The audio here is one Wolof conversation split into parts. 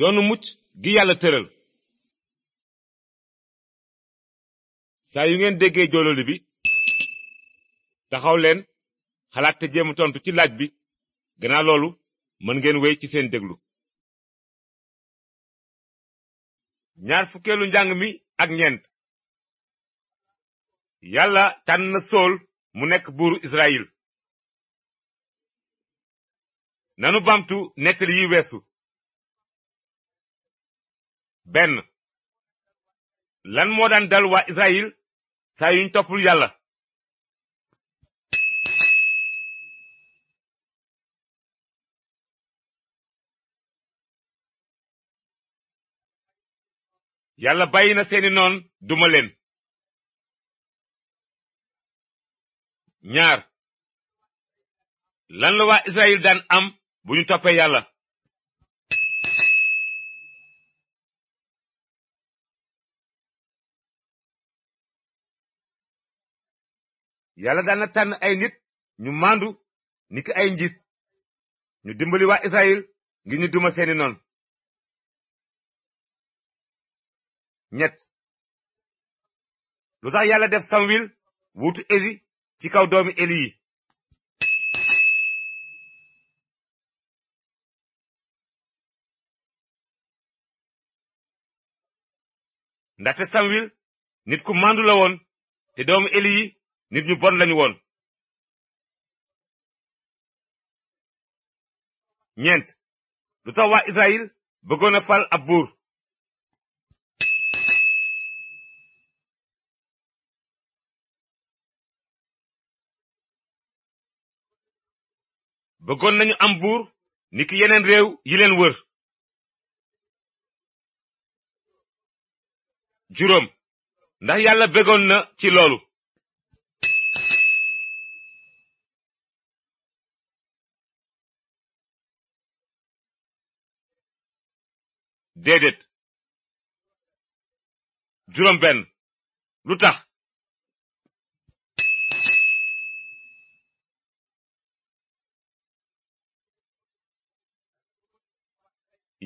yoonu mucc gi yàlla tëral saa yu ngeen déggee joololi bi taxaw leen xalaat te mu tontu ci laaj bi gannaaw loolu mën ngeen wéy ci seen déglu ñaar fukkeelu njàng mi ak ñeent yàlla tànn na sool mu nekk buur Israyil nanu bamtu nettali yi weesu benn lan moo daan dal waa Israël saa yuñ toppul yàlla yàlla bàyyi na seeni noon duma leen ñaar lan la waa Israël daan am bu ñu toppee yàlla yàlla daana tànn ay nit ñu màndu niki ay njiit ñu dimbali waa Israyil ngir ñu duma seeni noon ñett lu tax yàlla def Samwil wuutu Eli ci kaw doomi Eli yi ndaxte nit ku màndu te doomu Eli nit ñu bon lañu woon ñeent lu tax waa Israël bëggoon fal ab buur bëggoon nañu am buur niki yeneen réew yi wër juróom ndax yàlla bëggoon na ci loolu déedéet juróom benn lu tax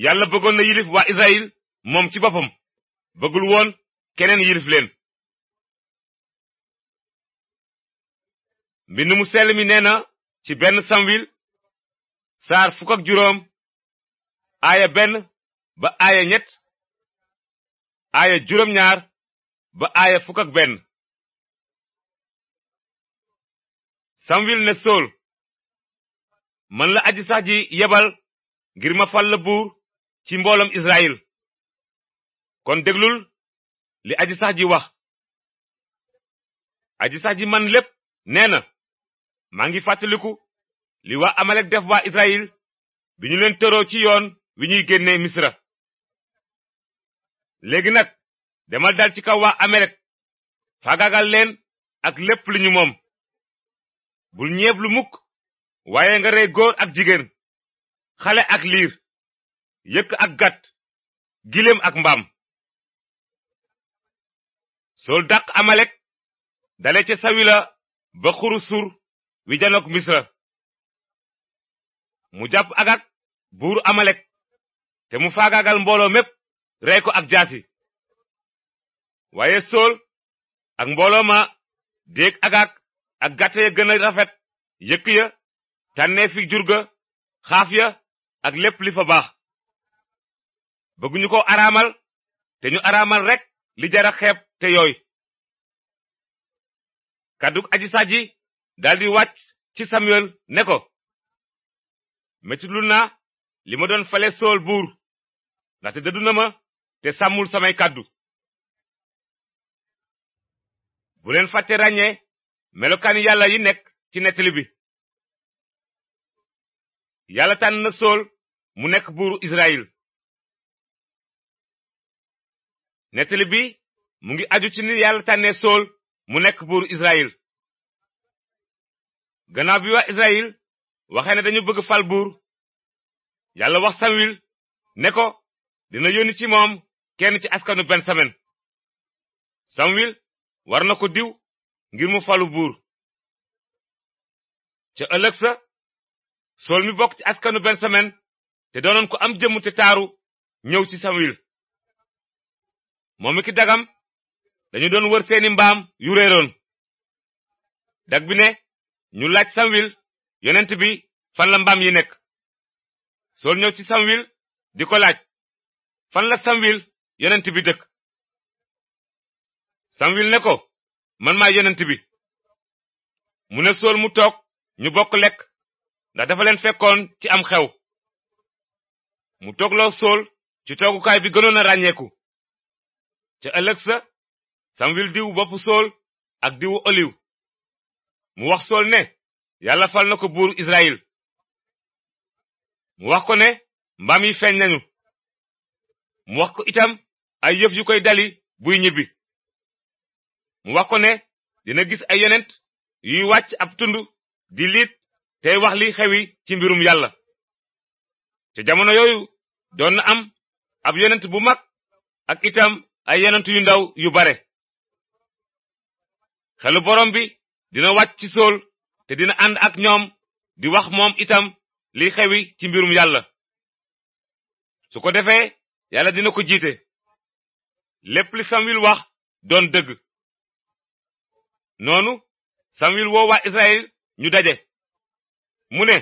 yàlla bëggoon na yilif waa Israël moom ci boppam bëggul woon keneen yilif leen mbind mu sell mi ci benn samwil saar fukk juróom aaya benn ba aaya ñett aaya juróom ñaar ba aaya fukk benn samwil ne sool man la aji sax ji yebal ngir ma fal la ci mbooloom Israyil kon déglul li aji sax ji wax aji sax ji man lépp nee na maa ngi fàttaliku li wa Amalek def waa Israyil bi ñu leen tëroo ci yoon wi ñuy génnee Misra léegi nag demal dal ci kaw waa Amalek fagagal leen ak lépp li ñu moom bul ñeeb lu mukk waaye nga rey góor ak jigéen xale ak liir yëkk ak gàtt giléem ak mbaam sol dàq Amalek dale ca Sawila ba xuru sur wi janook Misra mu jàpp Agag buuru Amalek te mu faagaagal mbooloo mépp rey ko ak jaasi waaye sol ak mbooloo ma déeg agaak ak gàtt ya gën rafet yëkk ya tànnee fi jurga xaaf ya ak lépp li fa baax bëgguñu ko araamal te ñu araamal rek li jara xeeb te yooy kàddug aji sàjji daldi wàcc ci samuel ne ko mettitlu naa li doon fale sol buur ndaxte dëddu na ma te sàmmul samay kàddu bu leen fàtte ràññee melokaani yàlla yi nekk ci nettali bi yàlla tànn na sool mu nekk buuru Israël nettali bi mu ngi aju ci ni yàlla tànnee sool mu nekk buuru Israël gannaaw bi waa Israël waxee ne dañu bëgg fal buur yàlla wax Samuel dina yónni ci moom kenn ci askanu bensamin samwil war na ko diw ngir mu falu buur ca ëllëg sa sool mi bokk ci askanu bensamin te doonoon ko am jëm te taaru ñëw ci samwil moom mi ki dagam dañu doon wër seeni mbaam yu dag bi ne ñu laaj samwil yenent bi fan la mbaam yi nekk sool ñëw ci samwil di ko laaj fan la samwil yonent bi dëkk samwil ne ko man maay yonent bi mu ne sool mu toog ñu bokk lekk ndax dafa leen fekkoon ci am xew mu toogloo sol ci toogukaay bi gënoon a ràññeeku ca ëllëg sa samwil diw boppu sool ak diw oliw mu wax sol ne yàlla fal na ko buuru israyil mu wax ko ne mbaam yi feeñ nañu mu wax ko itam ay yëf yu koy dali buy ñibbi mu wax kone dina gis ay yonent yuy wàcc ab tund di liit tey wax li xewi ci mbirum yàlla te jamono yooyu doon am ab yenent bu mag ak itam ay yenent yu ndaw yu bare xelu borom bi dina wàcc ci sol te dina ànd ak ñoom di wax moom itam li xewi ci mbirum yàlla su ko defee yàlla dina ko jiite lépp li Samuel wax doon dëgg noonu Samuel woo waa Israël ñu daje mu ne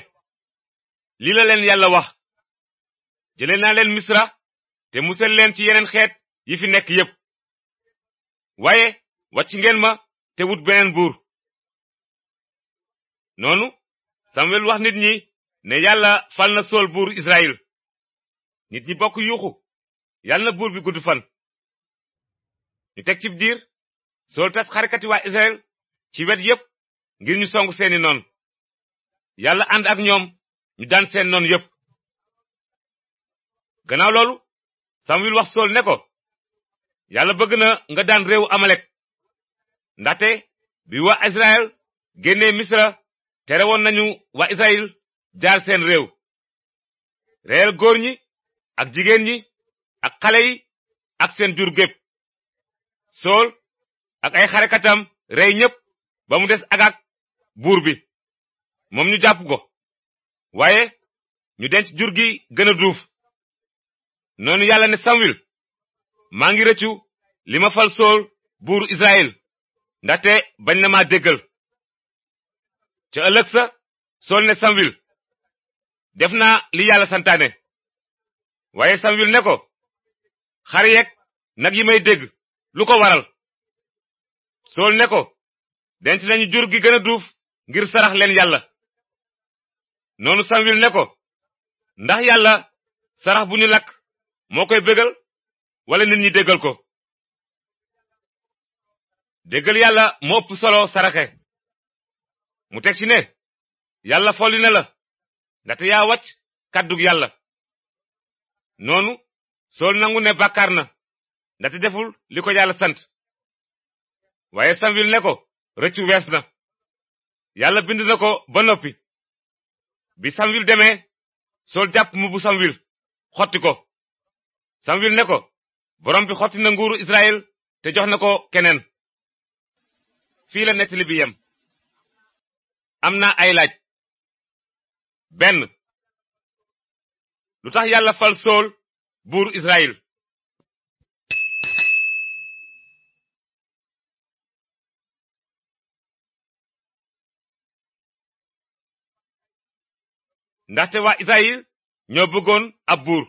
lii la leen yàlla wax jële naa leen Misra te musal leen ci yeneen xeet yi fi nekk yépp waaye wàcc ngeen ma te wut beneen buur noonu Samuel wax nit ñi ne yàlla fal na Sool buur Israël nit ñi bokk yuuxu yàlla buur bi gudd fan ñu teg cib diir sol tas xarkati waa Israël ci wet yépp ngir ñu song seeni noon yàlla ànd ak ñoom ñu daan seen noon yépp gannaaw loolu Samuel wax sol ne ko yàlla bëgg na nga daan réewu Amalek ndaxte bi waa Israël génnee Misra tere woon nañu waa Israël jaar seen réew reyal góor ñi ak jigéen ñi ak xale ak seen jur gépp sool ak ay katam rey ñépp ba mu des agag buur bi moom ñu jàpp ko waaye ñu denc jur gi gën a duuf noonu yàlla ne samwil maa ngi rëccu li ma fal sool buur israel ndaxte bañ la maa déggal ca ëllëg sa sool ne samwil def naa li yàlla santaane waaye samwil ne ko xar yeeg nag yi may dégg lu ko waral sool ne ko denc nañu jur gi gën a duuf ngir sarax leen yàlla noonu samwil ne ko ndax yàlla sarax bu ñu lakk moo koy bégal walla nit ñi déggal ko déggal yàlla moo ëpp solo saraxe mu teg ci ne yàlla folli na la ndaxte yaa wàcc kàddug yàlla noonu sool nangu ne bàkkaar na ndaxte deful li ko yàlla sant waaye samwil ne ko rëccu wees na yàlla bind na ko ba noppi bi samwil deme sol jàpp mu bu samwil xotti ko samwil ne ko borom bi xotti na nguuru israel te jox na ko keneen fii la nettali bi yem am na ay laaj benn lu tax yàlla fal sool buuru israel ndaxte waa Isayir ñoo bëggoon ab buur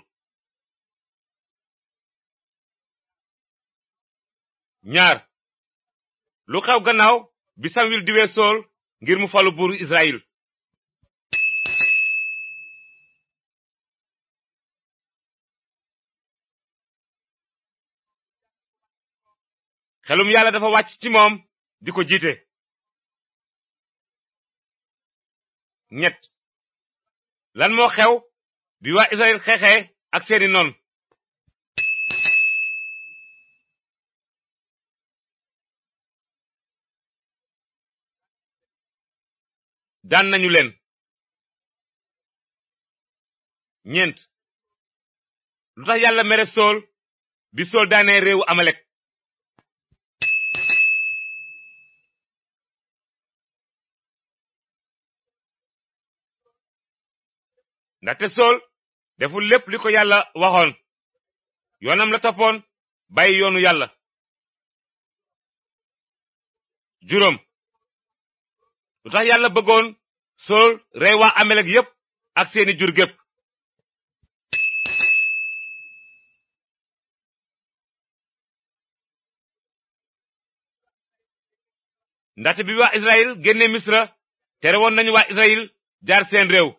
ñaar lu xew gannaaw bi Samwil diwee sool ngir mu falu buuru Israyil xelum yàlla dafa wàcc ci moom di ko jiite ñett lan moo xew bi waa Israël xeexee ak seeni noon daan nañu leen ñeent lu tax yàlla mere sol bi sool daanee réewu amalek ndaxte sool deful lépp li ko yàlla waxoon yoonam la toppoon bàyyi yoonu yàlla juróom lu tax yàlla bëggoon sool rey waa amelek yépp ak seeni jur gépp bi waa Israël génne woon nañu waa seen réew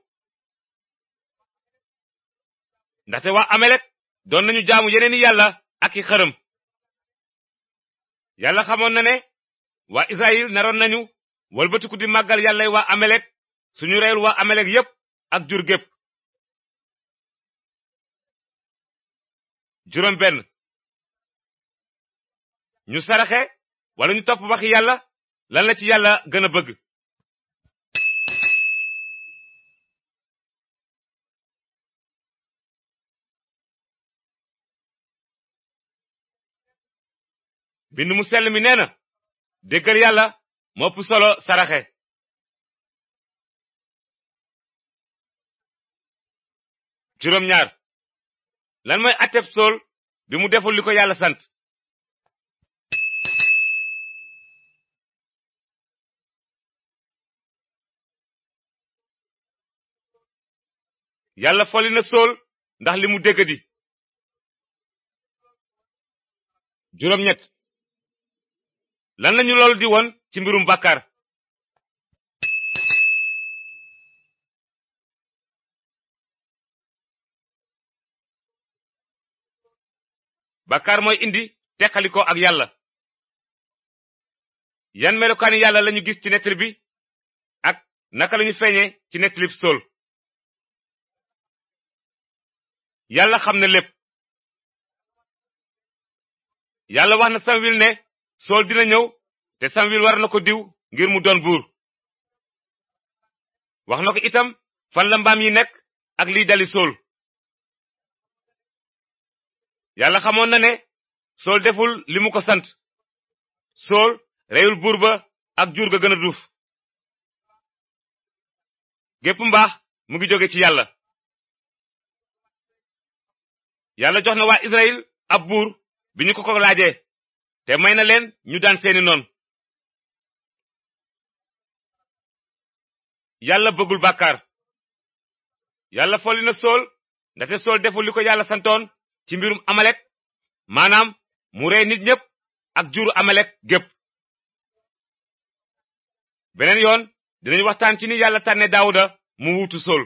ndaxte waa amelek doon nañu jaamu yeneeni yàlla ak i xërëm yàlla xamoon na ne waa israyil naroon nañu walbatiku di màggal yàllay waa amelek suñu reyul wa amelek yépp ak jur gépp juróom benn ñu saraxe wala ñu topp waxi yàlla lan la ci yàlla gën a bëgg mbind mu sell mi nee na déggal yàlla mopp solo saraxe juróom ñaar lan mooy atteb sool bi mu deful li ko yàlla sant yàlla foli sol ndax li mu dégg juróom ñett lan lañu loolu di won ci mbirum bàkkaar bàkkaar mooy indi teqaliko ak yàlla yan melokaani yàlla lañu gis ci nettali bi ak naka lañu feeñe ci nettalib sol yàlla xam na lépp yàlla wax na samwil ne sool dina ñëw te samwil war na ko diw ngir mu doon buur wax na ko itam fan la mbaam yi nekk ak liy dali sool yàlla xamoon na ne sool deful limu ko sant sool reyul buur ba ak jur ga gën a duuf gépp mbaax mu ngi jóge ci yàlla yàlla jox na waa Israël ab buur bi ñu ko ko te may na leen ñu daan seeni noon yàlla bëggul bàkkaar yàlla folli na sool ndaxte sool deful li ko yàlla santoon ci mbirum amalek maanaam mu rey nit ñépp ak juru amalek gépp beneen yoon dinañu waxtaan ci ni yàlla tànne daawuda mu wuutu sool